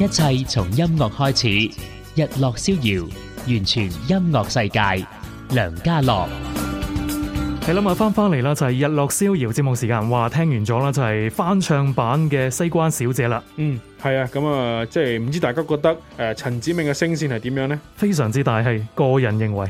一切從音樂開始，日落逍遙，完全音樂世界。梁嘉樂，係啦，我翻翻嚟啦，就係、是、日落逍遙節目時間。話聽完咗啦，就係、是、翻唱版嘅西關小姐啦。嗯，係啊，咁啊、呃，即係唔知大家覺得誒，陳、呃、子明嘅聲線係點樣呢？非常之大氣，個人認為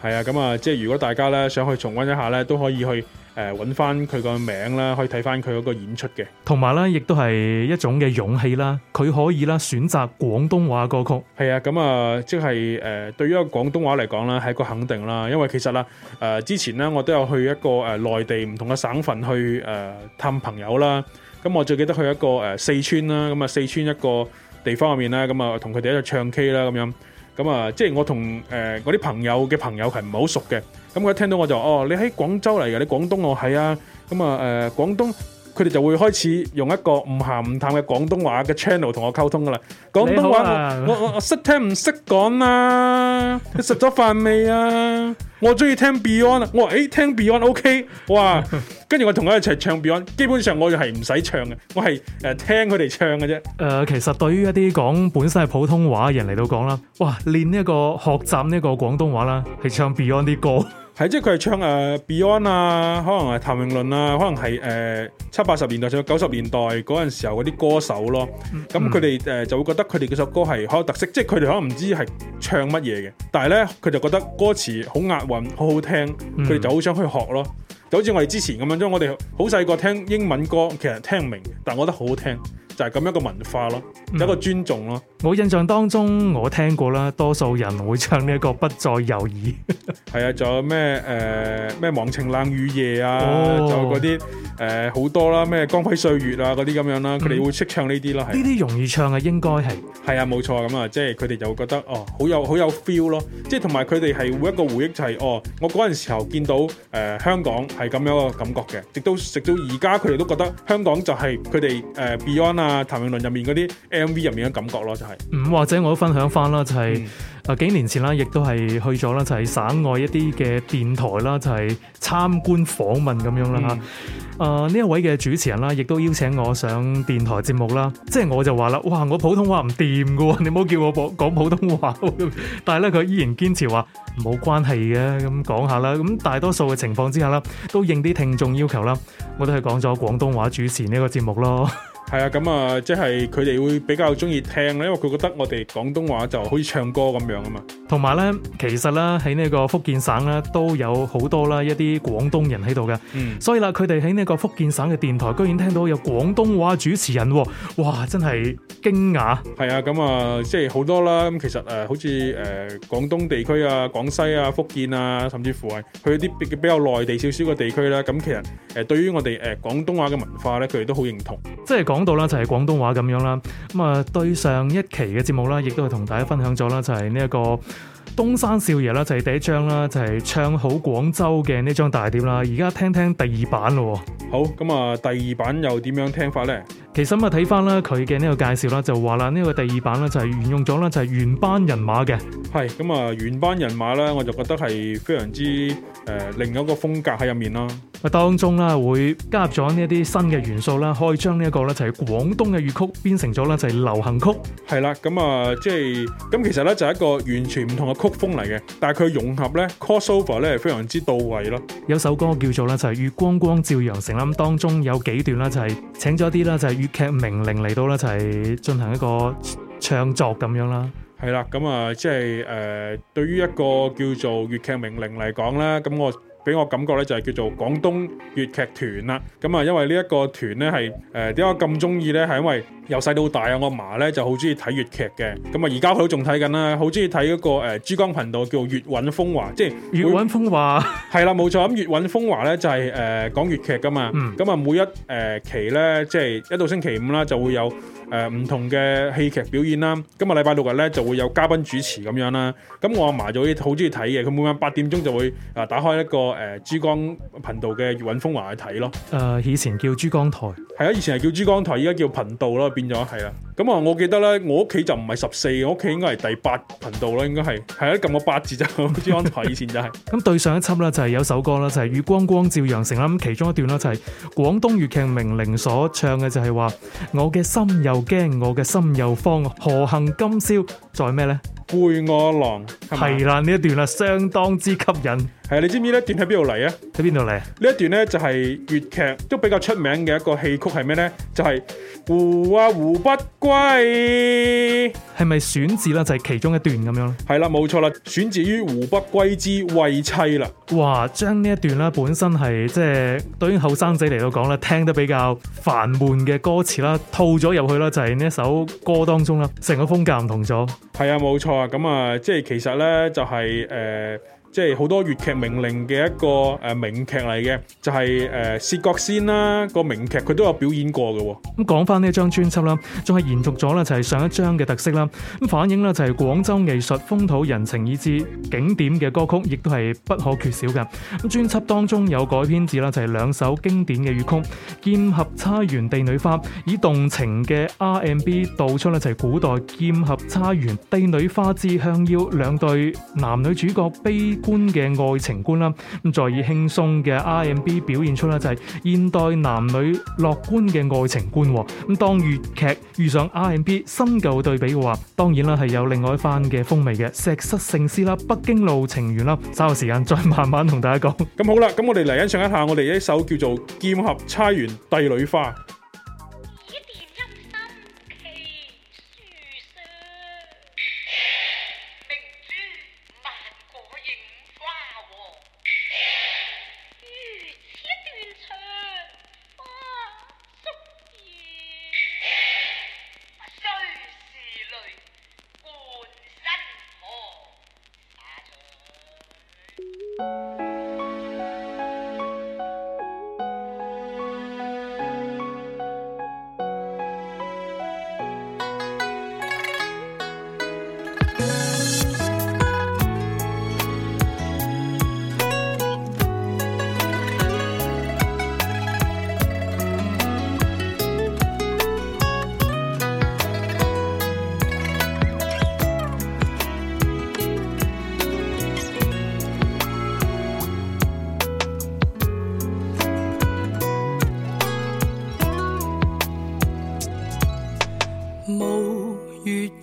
係 啊。咁啊，即係如果大家咧想去重溫一下咧，都可以去。誒揾翻佢個名啦，可以睇翻佢嗰個演出嘅，同埋咧亦都係一種嘅勇氣啦。佢可以啦選擇廣東話歌曲，係啊，咁、嗯、啊即係誒、呃、對於一個廣東話嚟講啦係一個肯定啦，因為其實啦誒、呃、之前咧我都有去一個誒內地唔同嘅省份去誒、呃、探朋友啦，咁、嗯、我最記得去一個誒四川啦，咁、嗯、啊四川一個地方入面啦，咁啊同佢哋喺度唱 K 啦咁樣。咁啊、嗯，即係我同誒我啲朋友嘅朋友係唔係好熟嘅？咁、嗯、佢一聽到我就哦，你喺廣州嚟嘅，你廣東我係啊，咁啊誒廣東。佢哋就會開始用一個唔咸唔淡嘅廣東話嘅 channel 同我溝通噶啦。廣東話好、啊、我我我識聽唔識講啊你食咗飯未啊？我中意、欸、聽 Beyond 啊、okay？我話誒聽 Beyond OK。哇！跟住我同佢一齊唱 Beyond。基本上我又係唔使唱嘅，我係誒聽佢哋唱嘅啫。誒、呃，其實對於一啲講本身係普通話嘅人嚟到講啦，哇！練呢、這、一個學習呢個廣東話啦，係唱 Beyond 啲歌。係，即係佢係唱誒、呃、Beyond 啊，可能係譚詠麟啊，可能係誒七八十年代上到九十年代嗰陣時候嗰啲歌手咯。咁佢哋誒就會覺得佢哋幾首歌係好有特色，即係佢哋可能唔知係唱乜嘢嘅，但係咧佢就覺得歌詞好押韻，好好聽，佢哋就好想去學咯。就好似我哋之前咁樣，即係我哋好細個聽英文歌，其實聽唔明，但係我覺得好好聽。就係咁樣嘅文化咯，嗯、一個尊重咯。我印象當中，我聽過啦，多數人會唱呢一個《不再猶豫》 。係啊，仲有咩誒咩《忘、呃、情冷雨夜》啊，就、哦、有啲誒好多啦，咩光輝歲月啊啲咁樣啦，佢哋、嗯、會識唱呢啲啦。呢啲、啊、容易唱啊，應該係係啊，冇錯咁啊，即係佢哋就會覺得哦，好有好有 feel 咯。即係同埋佢哋係會一個回憶就係、是、哦，我陣時候見到誒、呃、香港係咁樣嘅感覺嘅，直到直到而家佢哋都覺得香港就係佢哋誒 Beyond 啊。啊，譚詠麟入面嗰啲 MV 入面嘅感覺咯，就係嗯，或者我都分享翻啦，就係、是、啊、嗯、幾年前啦，亦都係去咗啦，就係、是、省外一啲嘅電台啦，就係、是、參觀訪問咁樣啦吓。啊呢、嗯呃、一位嘅主持人啦，亦都邀請我上電台節目啦，即係我就話啦，哇，我普通話唔掂噶，你唔好叫我講講普通話。 但係咧，佢依然堅持話冇關係嘅，咁講下啦。咁大多數嘅情況之下啦，都應啲聽眾要求啦，我都係講咗廣東話主持呢個節目咯。係啊，咁啊，即係佢哋會比較中意聽啦，因為佢覺得我哋廣東話就好似唱歌咁樣啊嘛。同埋咧，其實咧喺呢個福建省咧都有好多啦一啲廣東人喺度嘅，嗯、所以啦，佢哋喺呢個福建省嘅電台，居然聽到有廣東話主持人、哦，哇，真係驚訝！係啊，咁啊，即係好多啦。咁其實誒、啊，好似誒廣東地區啊、廣西啊、福建啊，甚至乎係佢啲比較內地少少嘅地區咧，咁其實誒、呃，對於我哋誒廣東話嘅文化咧，佢哋都好認同。即係講。講到啦，就係廣東話咁樣啦。咁啊，對上一期嘅節目啦，亦都係同大家分享咗啦，就係呢一個東山少爺啦，就係第一張啦，就係唱好廣州嘅呢張大碟啦。而家聽聽第二版咯。好，咁啊，第二版又點樣聽法呢？其實咁啊，睇翻啦，佢嘅呢個介紹啦，就話啦，呢個第二版咧就係沿用咗咧就係原班人馬嘅。係咁啊，原班人馬咧，我就覺得係非常之誒另一個風格喺入面咯。當中咧會加入咗呢一啲新嘅元素啦，可以將呢一個咧就係廣東嘅粵曲變成咗咧就係流行曲。係啦，咁啊即係咁，其實咧就係一個完全唔同嘅曲風嚟嘅，但係佢融合咧 crossover 咧係非常之到位咯。有首歌叫做咧就係《月光光照陽城》啦，當中有幾段咧就係請咗啲啦，就係劇名伶嚟到呢，就係進行一個唱作咁樣啦。係啦，咁、呃、啊，即係誒、呃，對於一個叫做粵劇名伶嚟講咧，咁我。俾我感覺咧就係叫做廣東粵劇團啦，咁啊因為呢一個團咧係誒點解咁中意咧？係、呃、因為由細到大啊，我阿嫲咧就好中意睇粵劇嘅，咁啊而家佢都仲睇緊啦，好中意睇嗰個珠江頻道叫《粵韻風華》即，即係粵韻風華係、就、啦、是，冇錯咁《粵韻風華》咧就係誒講粵劇噶嘛，咁啊、嗯、每一誒、呃、期咧即係一到星期五啦就會有誒唔同嘅戲劇表演啦，今日禮拜六日咧就會有嘉賓主持咁樣啦，咁我阿嫲就好中意睇嘅，佢每晚八點鐘就會啊打開一個。誒，珠江頻道嘅粵韻風華去睇咯。誒，以前叫珠江台，係啊，以前係叫珠江台，依家叫頻道咯，變咗係啦。咁、嗯、啊，我記得咧，我屋企就唔係十四，我屋企應該係第八頻道啦，應該係係啊，撳我八字就珠江台以前就係、是。咁、 嗯、對上一輯咧，就係、是、有首歌啦，就係、是《月光光照羊城》啦。咁其中一段啦、就是，就係廣東粵劇名伶所唱嘅，就係話我嘅心又驚，我嘅心又慌，何幸今宵在咩咧？背我郎係啦，呢、啊、一段啊，相當之吸引。係你知唔知咧？段喺邊度嚟啊？喺邊度嚟？呢一段咧就係粵劇都比較出名嘅一個戲曲，係咩咧？就係、是，《胡啊胡不歸》係咪選自啦？就係、是、其中一段咁樣。係啦，冇錯啦，選自於《胡不歸之慰妻》啦。哇，將呢一段啦，本身係即係對於後生仔嚟到講啦，聽得比較煩悶嘅歌詞啦，套咗入去啦，就係呢一首歌當中啦，成個風格唔同咗。係啊，冇錯啊，咁啊，即係其實咧就係、是、誒。呃即係好多粵劇名伶嘅一個誒名劇嚟嘅，就係、是、誒《薛、呃、國仙、啊》啦、那個名劇，佢都有表演過嘅。咁講翻呢張專輯啦，仲係延續咗啦，就係上一張嘅特色啦。咁反映啦就係廣州藝術風土人情以至景點嘅歌曲，亦都係不可缺少嘅。咁專輯當中有改編自啦，就係、是、兩首經典嘅粵曲《劍合釵圓》《帝女花》，以動情嘅 R&B 道出啦，就係古代劍合釵圓帝女花之香夭，兩對男女主角悲觀嘅愛情觀啦，咁再以輕鬆嘅 R&B 表現出啦，就係現代男女樂觀嘅愛情觀。咁當粵劇遇上 R&B，新舊對比嘅話，當然啦係有另外一番嘅風味嘅。《石室聖詩》啦，《北京路情緣》啦，稍後時間再慢慢同大家講。咁好啦，咁我哋嚟欣賞一下我哋一首叫做《劍俠差緣帝女花》。